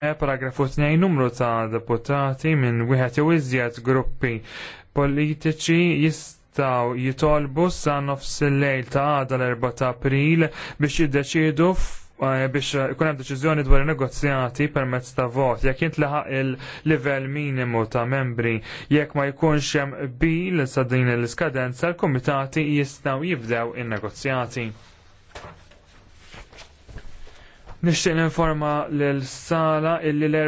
E, paragrafu 2 numru ta' deputati minn wieħed jew iżjed gruppi politiċi jistgħu jitolbu sa' nofs il-lejl ta' għada l-4 ta' april biex jiddeċiedu eh, biex ikun hemm deċiżjoni dwar negozjati permezz ta' vot, jekk jintlaħaq il-livell minimu ta' membri, jekk ma jkunx hemm bil sa' din l-iskadenza, l-kumitati jistgħu jibdew in-negozjati. Nixtieq informa lil sala illi l